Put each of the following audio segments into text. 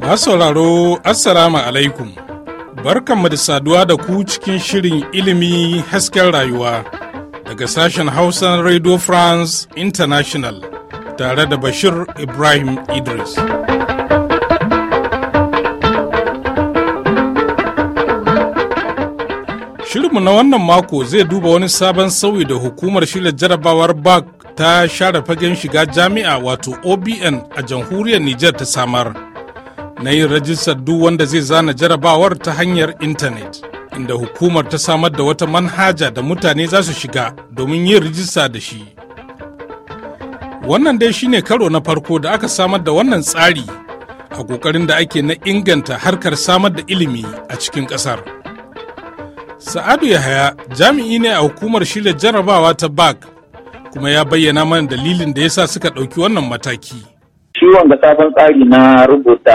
Na sauraro Assalamu alaikum. Barkanmu da saduwa da ku cikin shirin ilimi hasken rayuwa daga sashen Hausa Radio France International tare da Bashir Ibrahim Idris. Shirinmu na wannan mako zai duba wani sabon sauyi da hukumar shirya jarabawar BAC ta share fagen shiga jami'a wato obn a jamhuriyar Nijar ta samar na yin rajistar duk wanda zai zana jarabawar ta hanyar intanet inda hukumar ta samar da wata manhaja da mutane za su shiga domin yin rajista da shi wannan dai shine karo na farko da aka samar da wannan tsari a kokarin da ake na inganta harkar samar da ilimi a cikin ƙasar. Sa'adu Yahaya jami'i ne a hukumar shirya jarabawa ta Ba'k. kuma ya bayyana mana dalilin da yasa suka ɗauki wannan mataki. ciwon ga sabon tsari na rubuta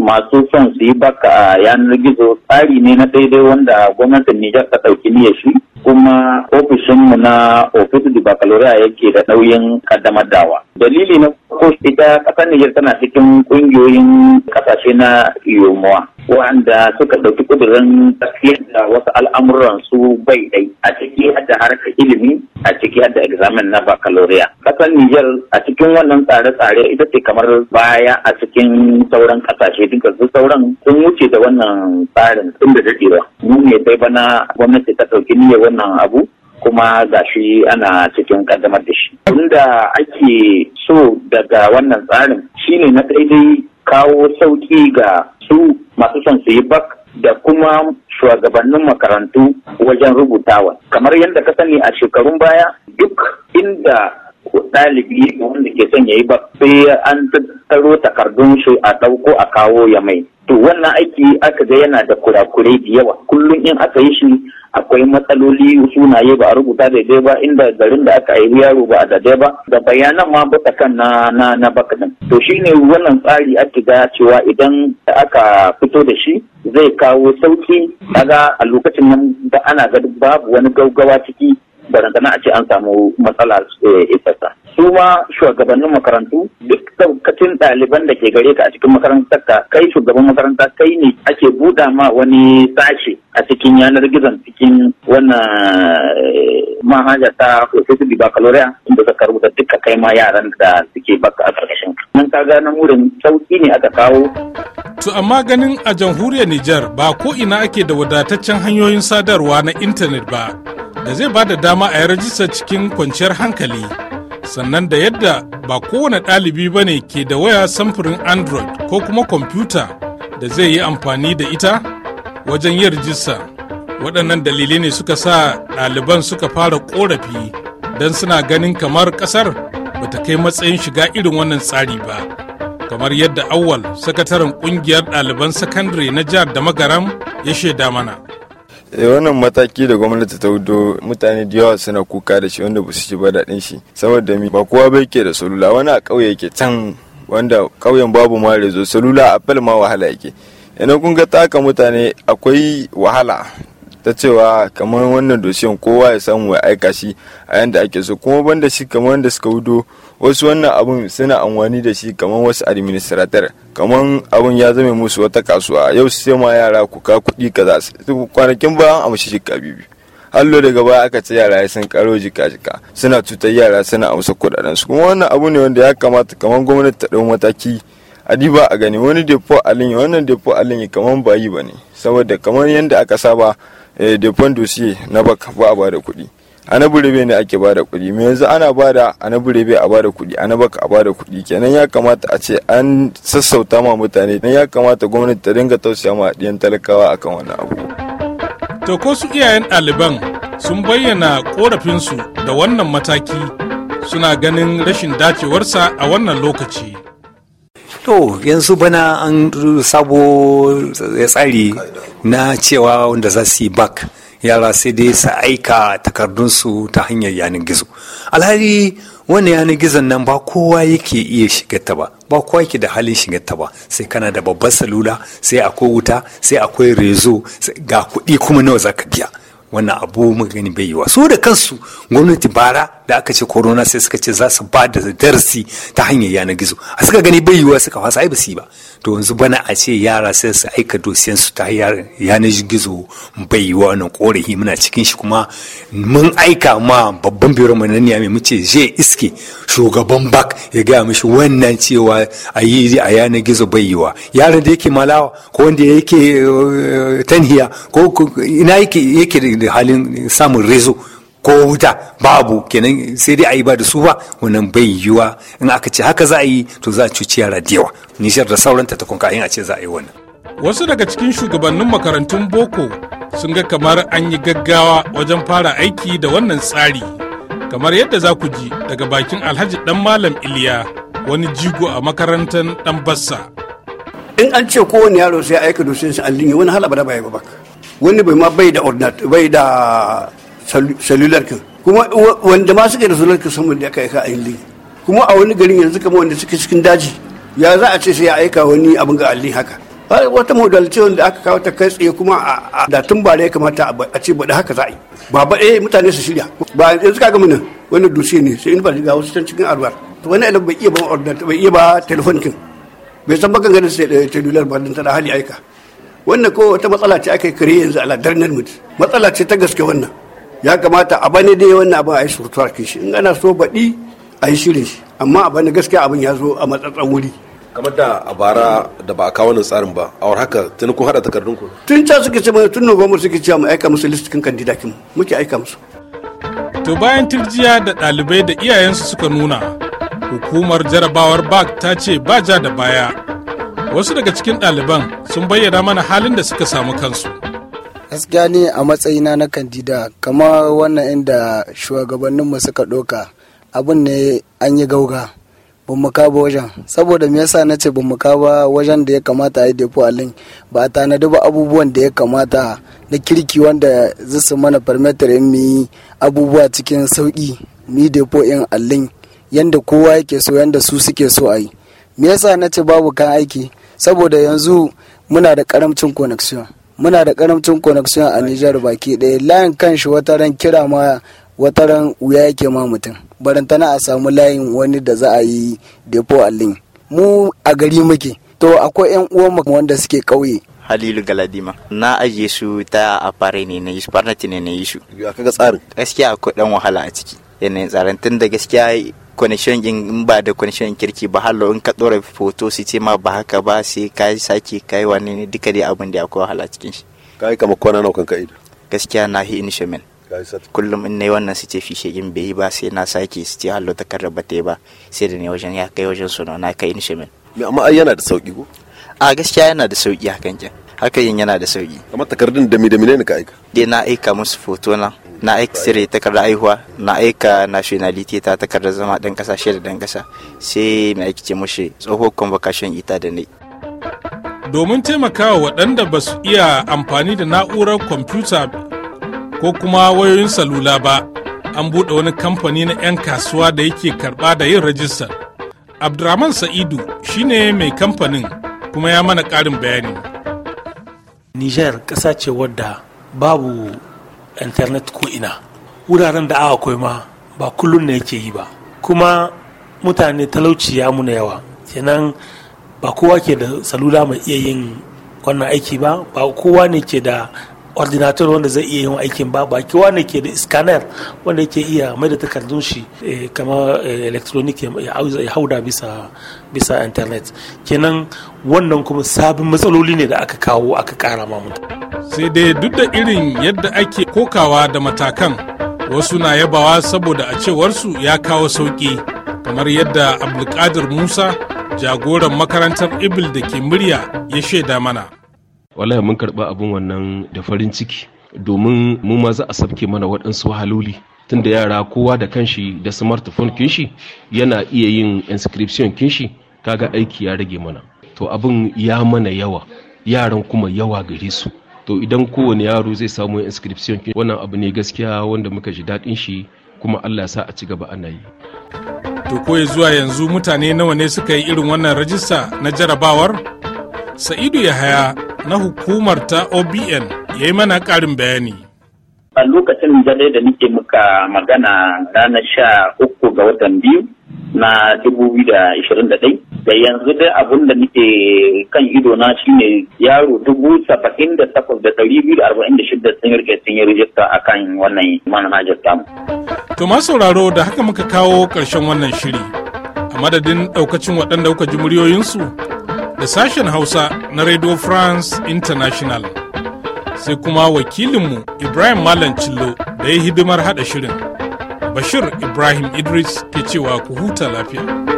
masu son su yi baka a yanar gizo tsari ne na daidai wanda gwamnatin Nijar ta ɗauki niyyar shi kuma ofishinmu na ofisu di baccalaureate yake da nauyin kaddamar dawa. Dalili na ko ita ƙasar Nijar tana cikin ƙungiyoyin ƙasashe na yomowa. wanda suka ɗauki ƙudurin tafiyar da wasu al'amuran su bai ɗai a ciki hadda harkar ilimi a ciki hadda examen na bakaloriya. Ƙasar Nijar a cikin wannan tsare-tsare ita ce kamar baya a cikin sauran ƙasashe duka su sauran sun wuce da wannan tsarin tun da daɗewa. Mu ne dai bana gwamnati ta ɗauki niyyar wannan abu kuma gashi ana cikin ƙaddamar da shi. da ake so daga wannan tsarin shine na daidai kawo sauƙi ga su masu son su yi bak da kuma shugabannin makarantu wajen rubutawa. Kamar yadda ka sani a shekarun baya duk inda ɗalibi wanda ke son ya yi ba sai an tattaro takardun shi a ɗauko a kawo ya mai. To wannan aiki aka ga yana da kurakurai da yawa kullum in aka yi shi akwai matsaloli sunaye ba a rubuta daidai ba inda garin da aka haihu yaro ba a daidai ba da bayanan ma ba kan na na na bakanin to shine wannan tsari ake ga cewa idan aka fito da shi zai kawo sauki daga a lokacin nan da ana ga babu wani gaugawa ciki barantana a ce an samu matsala eh, isassa su ma shugabannin makarantu duk daukacin ɗaliban da ke gare ka a cikin makarantar ka kai shugaban makaranta kai ne ake buɗa ma wani sashe a cikin yanar gizon cikin wannan eh, manhaja ta Professor Dibakalorea inda suka rubuta duka kai ma yaran da suke baka a karkashin Mun ka gano wurin sauƙi ne aka kawo. To amma ganin a jamhuriyar Nijar ba ko ina ake da wadataccen hanyoyin sadarwa na intanet ba da zai ba da dama a yi rajista cikin kwanciyar hankali. Sannan da yadda ba kowane ɗalibi ba ne ke da waya samfurin Android ko kuma kwamfuta da zai yi amfani da ita wajen yin rijista waɗannan dalilai ne suka sa ɗaliban suka fara korafi don suna ganin kamar ƙasar ba ta kai matsayin shiga irin wannan tsari ba kamar yadda awwal sakataren ƙungiyar ɗaliban sakandare na jihar da magaram ya shaida mana eh, wannan mataki da gwamnati ta hudo mutane da yawa suna kuka da shi wanda ba su ci ba daɗin shi saboda mi ba kowa bai ke da salula wani a ƙauye yake can wanda ƙauyen babu ma rezo salula a ma wahala yake ina kun ga taka mutane akwai wahala ta cewa kamar wannan dosiyan kowa ya samu ya aika shi a yadda ake so kuma banda shi kamar wanda suka wudo wasu wannan abun suna amfani da shi kamar wasu administrator kamar abun ya zame musu wata kasuwa yau sai ma yara ku ka kuɗi kaza kwanakin ba an amshi jika bibi hallo daga baya aka ce yara san karo jika jika suna cutar yara suna amsa kuɗaɗen su kuma wannan abu ne wanda ya kamata kamar gwamnati ta ɗau mataki adi ba a gani wani depo linyi wannan depo linyi kamar ba yi ba ne saboda kamar yadda aka saba eh, depon dossier na bak ba a ba da kuɗi ana burebe ne ake ba da kuɗi me yanzu ana ba da ana burebe a ba da kuɗi ana baka a ba da kuɗi kenan ya kamata a ce an sassauta ma mutane nan ya kamata gwamnati ta dinga tausaya ma ɗiyan talakawa akan wannan abu to ko su iyayen ɗaliban sun bayyana korafinsu da wannan mataki suna ganin rashin dacewarsa a wannan lokaci to yanzu bana an sabo ya eh, tsari na cewa wanda za su yi bak yara sai dai su aika takardunsu ta hanyar yanar gizo alhari wannan yanar gizon nan ba kowa yake iya shiga ta ba ba kowa yake da halin shiga ta ba sai kana da babbar salula sai akwai wuta sai akwai rezo ga kuɗi kuma nawa za ka biya wannan abu magani bai yi wa su da kansu gwamnati bara da aka ce corona sai suka ce za su ba da darasi ta hanyar yanar gizo a suka gani bai yiwuwa suka fasa ai ba su yi ba to yanzu bana a ce yara sai su aika dosiyan su ta yanar gizo bai yiwuwa wannan korafi muna cikin shi kuma mun aika ma babban biro mai naniya mu ce je iske shugaban bak ya gaya mishi wannan cewa a yi a yanar gizo bai yiwuwa yaran da yake malawa ko wanda yake eh, tanhiya ko ina yake da halin samun rezo ko wuta babu kenan sai dai a yi ba da su ba wannan bai yiwuwa in aka ce haka za a yi to za a cuci yara da yawa nishar da sauran ta kun a ce za a yi wannan wasu daga cikin shugabannin makarantun boko sun ga kamar an yi gaggawa wajen fara aiki da wannan tsari kamar yadda za ku ji daga bakin alhaji dan malam iliya wani jigo a makarantar dan bassa in an ce kowane yaro sai aika dosin shi allin wani hala ba da bai ba wani bai ma da ordinate bai da salular ka kuma wanda ma suka da salular ka sun da aka aika a hindi kuma a wani garin yanzu kama wanda suke cikin daji ya za a ce sai ya aika wani abin ga alli haka wata modalce wanda aka kawo ta kai tsaye kuma a datun bare ya kamata a ce baɗi haka za a yi ba baɗe eh, mutane su shirya ba yanzu ka gama nan wani dutse ne sai in ba ga wasu can cikin arwar wani ɗan bai iya ba ordinate bai iya ba telefon kin bai san bakan ganin sai da eh, cellular ba ta da hali aika wannan ko wata matsala ce aka kare yanzu a nan mutum. matsala ce ta gaske wannan ya kamata a bane dai wannan abin a yi surtuwar kishi in ana so baɗi a yi shirin shi amma a bane gaskiya abin ya zo a matsatsan wuri kamar da a bara da ba a kawo wannan tsarin ba a war haka tun kun haɗa takardun ku tun can suke ce mana tun nuwamu suke ce mu aika musu listikin kandidakin muke aika musu to bayan turjiya da ɗalibai da iyayensu suka nuna hukumar jarabawar bak ta ce ba ja da baya wasu daga cikin ɗaliban sun bayyana mana halin da suka samu kansu gaskiya ne a matsayina na kandida kama wannan inda shugabanninmu suka ɗoka abin ne an yi gauga ban ba wajen saboda me yasa nace ce mu kaba wajen da ya kamata a yi depo a link ba a tanadi ba abubuwan da ya kamata na kirki wanda zai mana permitir in mu abubuwa cikin sauki mu yi depo in a link yanda kowa yake so yanda su suke so a yi me yasa nace babu kan aiki saboda yanzu muna da karamcin connection muna da karamcin connection a Nijar baki ɗaya layin kanshi wata ran kira ma wata ran wuya yake ma mutum barantana a samu layin wani da za a yi depo a link mu a gari muke to akwai yan mu wanda suke kauye Halilu Galadima na ajiye su ta a fare ne na yi su, ne na yi su. Ya kaga tsarin. Gaskiya akwai ɗan wahala a ciki. yanayin tsaron tun da gaskiya connection in ba da connection kirki ba hallo in ka dora foto su ce ma ba haka ba sai ka sake kai wani ne duka dai abin da akwai wahala cikin shi ka yi kamar kwana naukan ka'ida gaskiya na hi inishimin kullum in nayi wannan su ce fishe in bai yi ba sai na sake su ce hallo ta ba ta yi ba sai da ne wajen ya kai wajen su na kai me amma ai yana da sauki ko a gaskiya yana da sauki hakan kin haka yin yana da sauki kamar takardun dami dami ne ka aika dai na aika musu foto na na aika sire takardar aihuwa na aika nationality ta takardar zama dan kasa shi da dan kasa sai na aiki ce mushi tsohon convocation ita da ne domin taimakawa waɗanda ba su iya amfani da na'urar kwamfuta ko kuma wayoyin salula ba an buɗe wani kamfani na 'yan kasuwa da yake karɓa da yin rajistar abdurrahman sa'idu shine mai kamfanin kuma ya mana ƙarin bayani niger ƙasa ce wadda babu internet ko ina wuraren da aka koyi ma ba kullum ne yake yi ba kuma mutane talauci ya muna yawa kenan ba kowa ke da salula mai iya yin wannan aiki ba ba kowa ne ke da ordinator wanda zai iya yin aikin ba baki wanda ke da scanner wanda yake iya mai da takardun shi eh, kama eh, electronic ya hauda bisa bisa internet kenan wannan kuma sabin matsaloli ne da aka kawo aka kara ma sai dai duk da irin yadda ake kokawa da matakan wasu na yabawa saboda a cewarsu ya kawo sauki kamar yadda abdulkadir musa jagoran makarantar ibil da ke murya ya shaida mana wallahi mun karɓa abin wannan da farin ciki domin mu ma za a sabke mana waɗansu wahaloli tunda yara kowa da kanshi da smartphone kinshi yana iya yin inscription kinshi kaga aiki ya rage mana to abin ya mana yawa yaran kuma yawa gare su to idan kowane yaro zai samu inscription kinshi wannan abu ne gaskiya wanda muka ji daɗin shi kuma Allah ya sa a ci gaba ana yi to ko zuwa yanzu mutane nawa ne suka yi irin wannan rajista na jarabawar sa'idu yahaya na hukumar ta obn ya yi mana ƙarin bayani a lokacin dare da nike muka magana ranar sha uku ga watan biyu na dubu da ishirin da yanzu dai abun da nike kan ido na shine yaro dubu sun rike sun yi rijista a kan wannan manhajar tamu. to ma sauraro da haka muka kawo ƙarshen wannan shiri a madadin ɗaukacin waɗanda kuka ji muryoyinsu da sashen Hausa na Radio France International. Sai kuma wakilinmu Ibrahim Malam Cillo da ya hidimar hada shirin. Bashir Ibrahim Idris ke cewa ku huta lafiya.